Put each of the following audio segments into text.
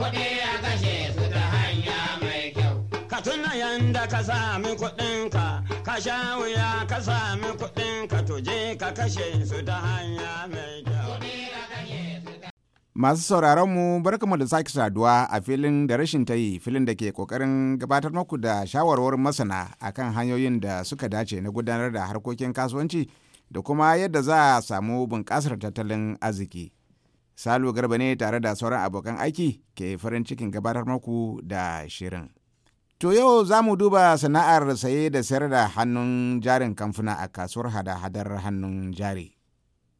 kuɗi a kashe su ta hanya mai kyau. Ka tuna yanda ka sami kuɗinka, ka sha wuya ka sami kuɗinka tuje ka kashe su ta hanya mai kyau. Masu sauraron mu barkamu da sake saduwa a filin da rashin ta yi filin da ke kokarin gabatar muku da shawarwarin masana akan hanyoyin da suka dace na gudanar da harkokin kasuwanci da kuma yadda za a samu bunƙasar tattalin arziki. salu Garba ne tare da sauran abokan aiki ke farin cikin gabatar muku da shirin. To yau za mu duba sana'ar saye da sayar da hannun jarin kamfuna a kasuwar hada-hadar hannun jari.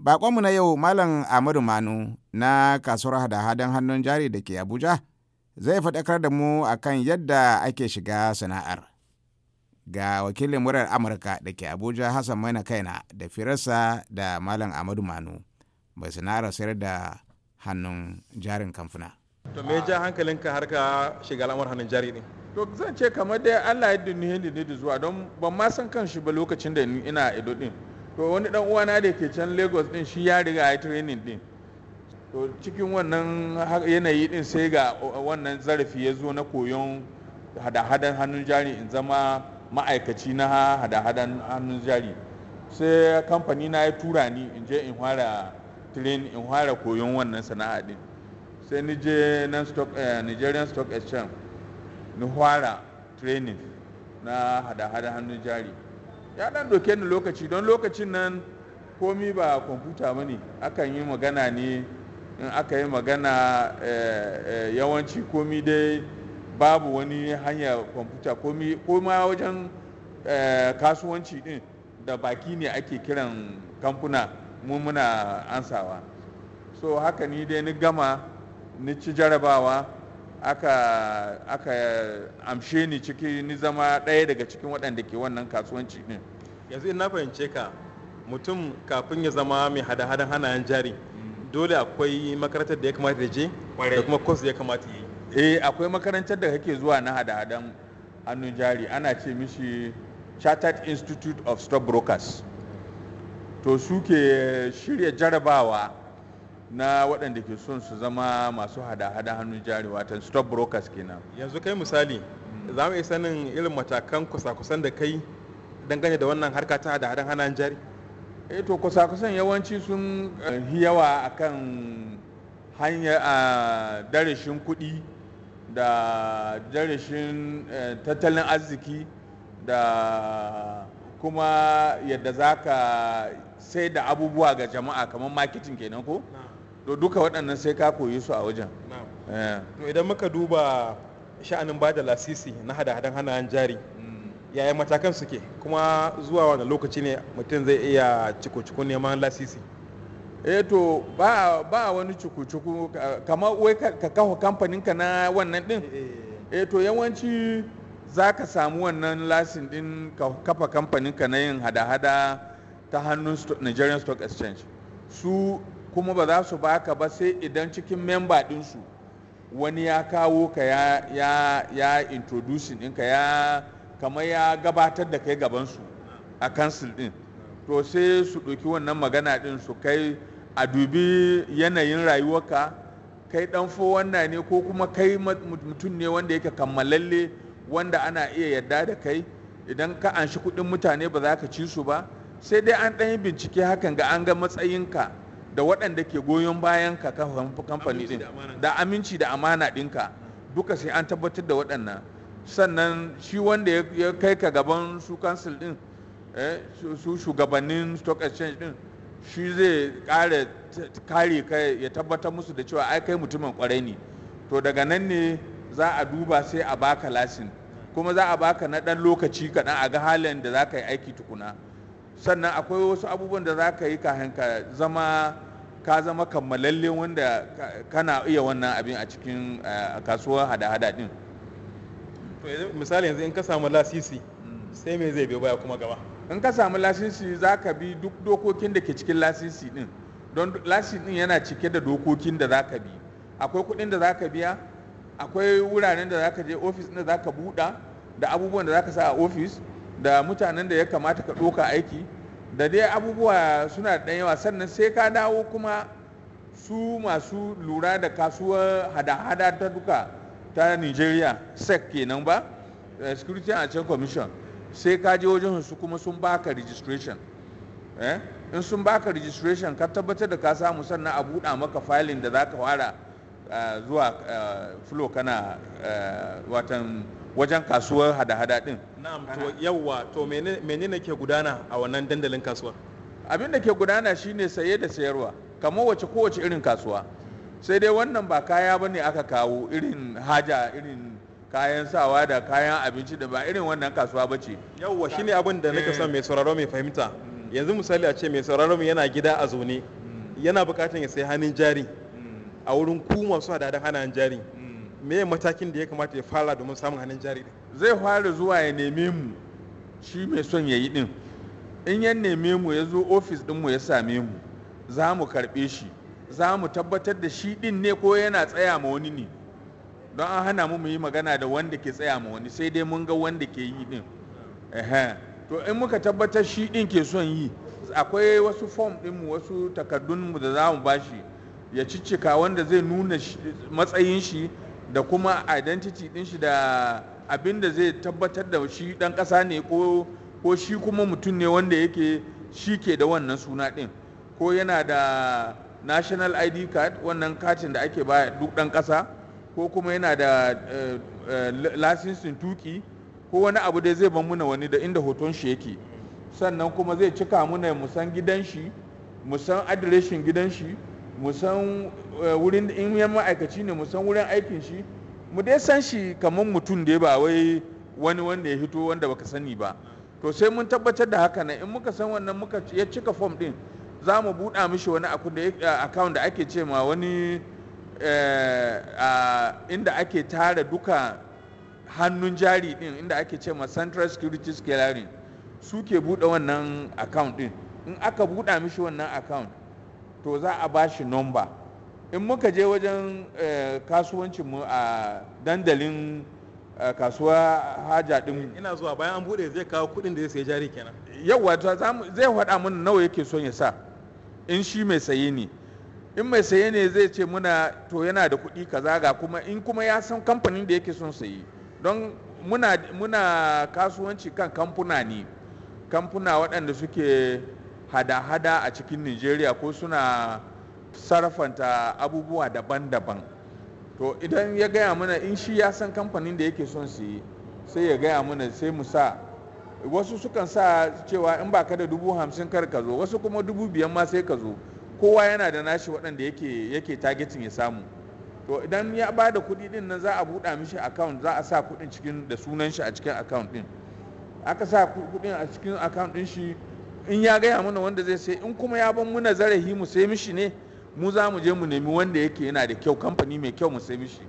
Bakonmu na yau Malam Amadu Manu na kasuwar hada-hadar hannun jari da ke Abuja zai faɗakar da mu a kan yadda ake shiga sana'ar. Ga wakilin murar Amurka da ke Abuja Hassan Maina Kaina da firarsa da Malam Amadu Manu. mai sana'ar sayar da hannun jarin kamfuna. to me ja hankalinka har ka shiga al'amuran hannun jari ne to zan ce kamar dai Allah ya dinni ni da zuwa don ban ma san kan shi ba lokacin da ina Edo din to wani dan uwana da ke can Lagos din shi ya riga ya training din to cikin wannan yanayi din sai ga wannan zarafi ya zo na koyon hada-hadan hannun jari in zama ma'aikaci na hada-hadan hannun jari sai kamfani na ya tura ni in je in fara train in fara koyon wannan sana'a din sai nije nan stock eh, nigerian stock exchange ni fara training na hada-hada hannun jari ya dan doke ni lokaci don lokacin nan komi ba kwamfuta ba akan yi magana ne in aka yi magana eh, eh, yawanci komi dai babu wani hanya kwamfuta komi koma wajen kasuwanci din da baki ne ake kiran kamfuna mu muna ansawa so haka ni dai ni gama ni ci jarabawa aka aka amshe ni ciki ni zama ɗaya daga cikin waɗanda ke wannan kasuwanci ɗin yanzu in na fahimce ka mutum kafin ya zama mai hada-hadan hanayen jari dole akwai makarantar da ya kamata da je da kuma kwas ya kamata yi eh akwai makarantar da kake zuwa na hada-hadan hannun jari ana ce mishi chartered institute of stockbrokers brokers to suke shirya jarabawa na waɗanda ke son su zama masu hada-hada hannun jari watan stop brokers kenan yanzu kai misali za mu iya sanin irin matakan kusa-kusan da kai dangane da wannan harka ta hada-hadan hannun jari eh to kusa-kusan yawanci sun eh, yawa akan hanyar a darashin kuɗi da darashin eh, tattalin arziki da kuma yadda za ka sai da abubuwa ga jama'a kamar makitin kenan ko to duka waɗannan sai ka koyi su a wajen eh. to idan muka duba sha'anin ba da lasisi na hada-hadan hannayen jari mm. yaya matakan suke kuma zuwa wani lokaci ne mutum zai iya ciko-ciko neman lasisi eh to ba ba wani ciku-ciku kamar wai ka kawo kamfanin ka na wannan din eh, eh, eh to yawanci za ka samu wannan lasin din ka kafa kamfanin ka na yin hada-hada ta hannun nigerian stock exchange su kuma ba za su baka ba sai idan cikin memba ɗinsu wani ya kawo ka ya ya ya introducing ɗinka ya kamar ya gabatar da kai gabansu a council ɗin to sai su ɗauki wannan magana ɗin su kai a dubi yanayin rayuwarka kai ɗan wannan ne ko kuma kai mutum ne wanda yake kammalalle wanda ana iya yadda da kai idan ka anshi kuɗin mutane ba za ka ci su ba sai dai an ɗanyi bincike hakan ga an ga matsayinka da waɗanda ke goyon bayan ka kamfani ɗin da aminci da amana ɗinka duka sai an tabbatar da waɗannan sannan shi wanda ya kai ka gaban su kansil ɗin eh, su shugabannin stock exchange ɗin shi zai kare kare kai ya tabbatar musu da cewa ai kai mutumin kwarai ne to daga nan ne za a duba sai a baka lasin kuma za a baka na ɗan lokaci kaɗan a ga halin da za ka yi aiki tukuna sannan akwai wasu abubuwan da za ka yi kafin ka zama ka zama kammalalle wanda kana iya wannan abin a cikin eh, kasuwar hada-hada din misali yanzu in ka samu lasisi hmm. sai me zai biyo baya kuma gaba in ka samu lasisi za ka bi duk dokokin da ke cikin lasisi din don lasisi din yana cike da dokokin da za ka bi akwai kuɗin da za ka biya akwai wuraren da za ka je ofis da za ka buɗa da abubuwan da za ka sa a ofis da mutanen da ya kamata ka ɗoka aiki da dai abubuwa suna da yawa sannan sai ka dawo kuma su masu lura da kasuwar hada-hada ta duka ta nigeria sec kenan ba eh, security and exchange commission sai ka je wajen su kuma sun baka registration eh, in sun baka registration ka tabbatar da ka samu sannan a buɗa maka filin da za ka fara eh, zuwa flow kana watan wajen kasuwar hada-hada ɗin na'am to yawa to menene ke gudana a wannan dandalin kasuwa abin da ke gudana shine saye da sayarwa kamar wace kowace irin kasuwa sai dai wannan ba kaya ba aka kawo irin haja irin kayan sawa da kayan abinci da ba irin wannan kasuwa ba ce shine abin da nake son eh. mai sauraro mai fahimta mm. yanzu misali a ce mai sauraro yana gida a zaune mm. yana bukatar ya sai hannun jari mm. a wurin kuma da hadadan hannun jari me matakin da ya kamata ya fara domin samun hannun jari zai fara zuwa ya neme mu shi mai son ya yi din in ya neme mu ya zo ofis din mu ya same mu za mu karɓe shi za mu tabbatar da shi din ne ko yana tsaya ma wani ne don an hana mu yi magana da wanda ke tsaya ma wani sai dai mun ga wanda ke yi din to in muka tabbatar shi din ke son yi akwai wasu fom dinmu wasu takardunmu da za mu bashi ya cicika wanda zai nuna matsayin shi da kuma identity din shi da abin da zai tabbatar da shi dan kasa ne ko shi kuma mutum ne wanda yake shi ke da wannan suna din ko yana da national id card wannan katin da ake baya duk dan kasa ko kuma yana da lasisin eh, eh, lasinsin tuki ko wani abu da zai ban muna wani da inda hoton shi yake sannan kuma zai cika muna musan gidan shi musan adireshin gidan shi musan eh, wurin in yan ma'aikaci ne musan wurin aikin shi mu dai san shi kamar mutum da ba wai wani wanda ya hito wanda baka sani ba to sai mun tabbatar da haka na in muka san wannan muka ya cika fom din za mu buɗa mishi wani account da ake ce ma wani eh, inda ake tara duka hannun jari din inda ake ce ma central security scalarin su ke buɗe wannan account din in aka buɗa mishi wannan account to za a ba shi nomba in muka je wajen eh, kasuwancinmu a dandalin eh, kasuwa haja din ina zuwa bayan an bude zai kawo kudin da zai sayi jari kenan yawa zai faɗa mana nawa yake son ya sa in shi mai saye ne in mai saye ne zai ce muna to yana da kuɗi kaza ga kuma in kuma ya san kamfanin da yake son sayi don muna, muna kasuwanci kan kamfuna ne kamfuna waɗanda suke hada-hada a cikin nigeria ko suna sarrafanta abubuwa daban-daban to idan ya gaya mana in shi ya san kamfanin da yake son su yi sai ya gaya mana sai mu sa wasu sukan sa cewa in ba ka da dubu hamsin kar ka zo wasu kuma dubu biyan ma sai ka zo kowa yana da nashi waɗanda yake yake targeting ya samu to idan ya ba da kuɗi din nan za a buɗa mishi account za a sa kuɗin cikin da sunan shi a cikin account din aka sa kuɗin a cikin account din shi in ya gaya mana wanda zai sai in kuma ya ban muna zarafi mu sai mishi ne mu za mu je mu nemi wanda yake yana da kyau kamfani mai kyau mu sai mishi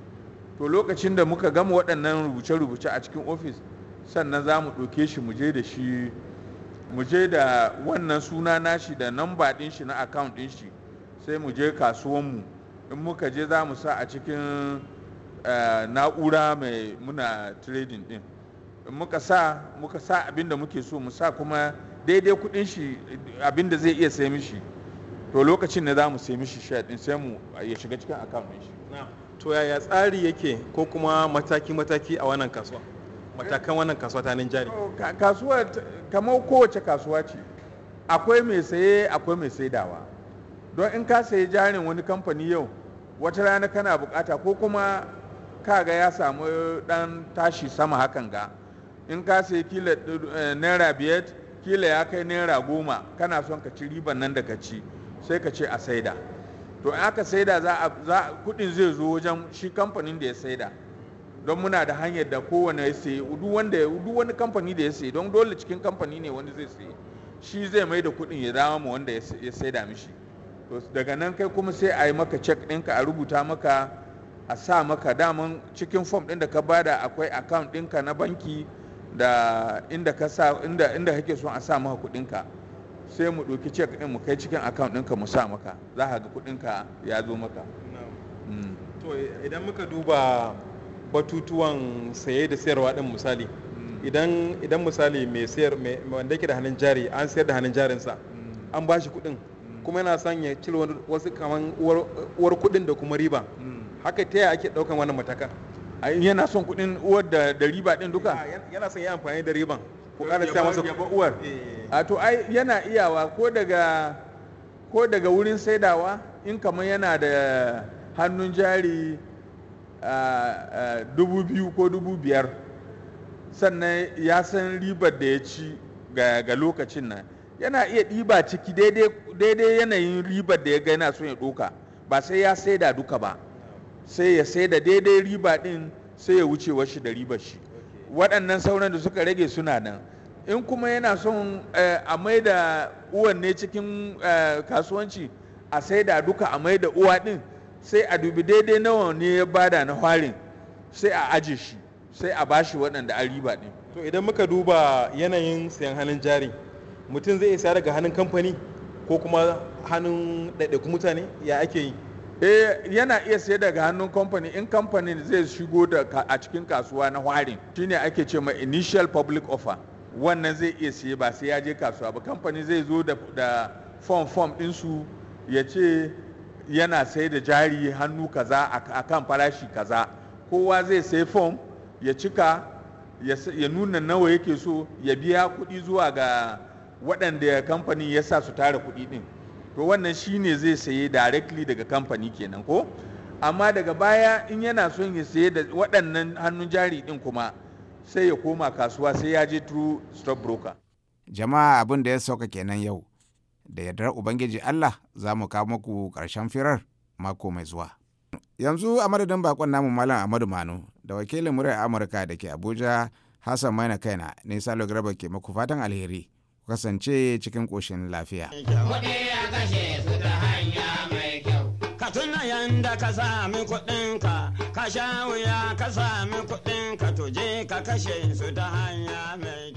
to lokacin da muka gama waɗannan rubuce-rubuce a cikin ofis sannan za mu ɗauke shi mu je da shi mu je da wannan suna nashi da namba ɗin shi na account ɗin shi sai mu je mu in muka je za mu sa a cikin eh, na'ura mai muna trading ɗin in muka sa muka sa abin da muke so mu sa kuma daidai kudin shi abinda zai iya sai mishi to lokacin da za mu sai mishi share din sai mu ya shiga cikin account din shi to yaya tsari yake ko kuma mataki mataki a wannan kasuwa matakan eh. wannan kasuwa ta nan jari kasuwa kamar kowace kasuwa ce akwai mai saye akwai mai saidawa don in ka sayi jarin wani kamfani yau wata rana kana bukata ko kuma kaga ya samu dan tashi sama hakan ga in ka sayi kila eh, naira biyar kila ya kai naira goma kana son ka ci riban nan da ka ci sai ka ce a saida to in aka saida za kudin zai zo wajen shi kamfanin da ya saida don muna da hanyar da kowane ya sai udu wanda udu wani kamfani da ya sai don dole cikin kamfani ne wani zai sai shi zai mai da kudin ya dawo ma wanda ya saida mishi to daga nan kai kuma sai a yi maka cek ɗinka a rubuta maka a sa maka daman cikin fom ɗin da ka bada akwai account ɗinka na banki da inda ka sa inda inda kake so a sa maka kuɗinka sai mu ɗauki cek ɗin mu kai cikin account ɗinka mu sa maka za ka ga kuɗinka ya zo maka mm. to idan muka duba batutuwan saye da sayarwa ɗin misali mm. idan idan misali mai sayar wanda yake da hannun jari an sayar da hannun jarinsa mm. an ba shi kuɗin kuma yana son ya cire wasu kaman uwar kuɗin da kuma riba haka ta yaya ake ɗaukan wannan matakan yana son kuɗin uwar da riba ɗin duka yana son ya amfani da riban ko ƙara sa masa uwar eh. a to ai yana iyawa ko daga ko daga wurin saidawa in kamar yana da hannun jari dubu biyu ko dubu biyar sannan ya san ribar da ya ci ga lokacin nan yana iya ɗiba ciki daidai yanayin ribar da ya ga yana son ya ɗoka ba sai ya saida duka ba sai ya sai da daidai riba din sai ya wuce washi da riba shi waɗannan sauran da suka rage suna nan in kuma yana son eh, a mai da uwan ne cikin eh, kasuwanci a sai da duka a mai da uwa din sai a dubi daidai nawa ne ya bada na harin sai a aje shi sai a bashi waɗanda a riba din to idan muka duba yanayin sayan hannun jari mutum zai isa daga hannun kamfani ko kuma hannun ɗaiɗaiku mutane ya ake yi eh yana iya sai daga hannun kamfani in kamfani zai shigo da a cikin kasuwa na hwarin shine ake ce ma initial public offer wannan zai iya siye ba sai ya je kasuwa ba kamfani zai zo da form form ɗinsu ya ce yana sayar da jari hannu kaza a kan farashi kaza kowa zai sai form ya cika ya nuna nawa yake so ya biya kuɗi zuwa ga waɗanda kamfanin ya sa su tara kuɗi ɗin to wannan shi ne zai saye directly daga kamfani kenan ko amma daga baya in yana son ya saye da waɗannan hannun jari ɗin kuma sai ya koma kasuwa sai ya je through stock broker jama'a abin da ya sauka kenan yau da yardar ubangiji allah za mu kawo muku ƙarshen firar mako mai zuwa yanzu a madadin bakon namu malam ahmadu manu da wakilin muryar amurka da ke abuja hassan maina kaina ne salo garba ke maku fatan alheri kasance cikin ƙoshin lafiya. Kuɗi kashe su hanya mai kyau. Ka tuna yanda ka sami kuɗinka, ka sha wuya ka sami kuɗinka, to je ka kashe su ta hanya mai kyau.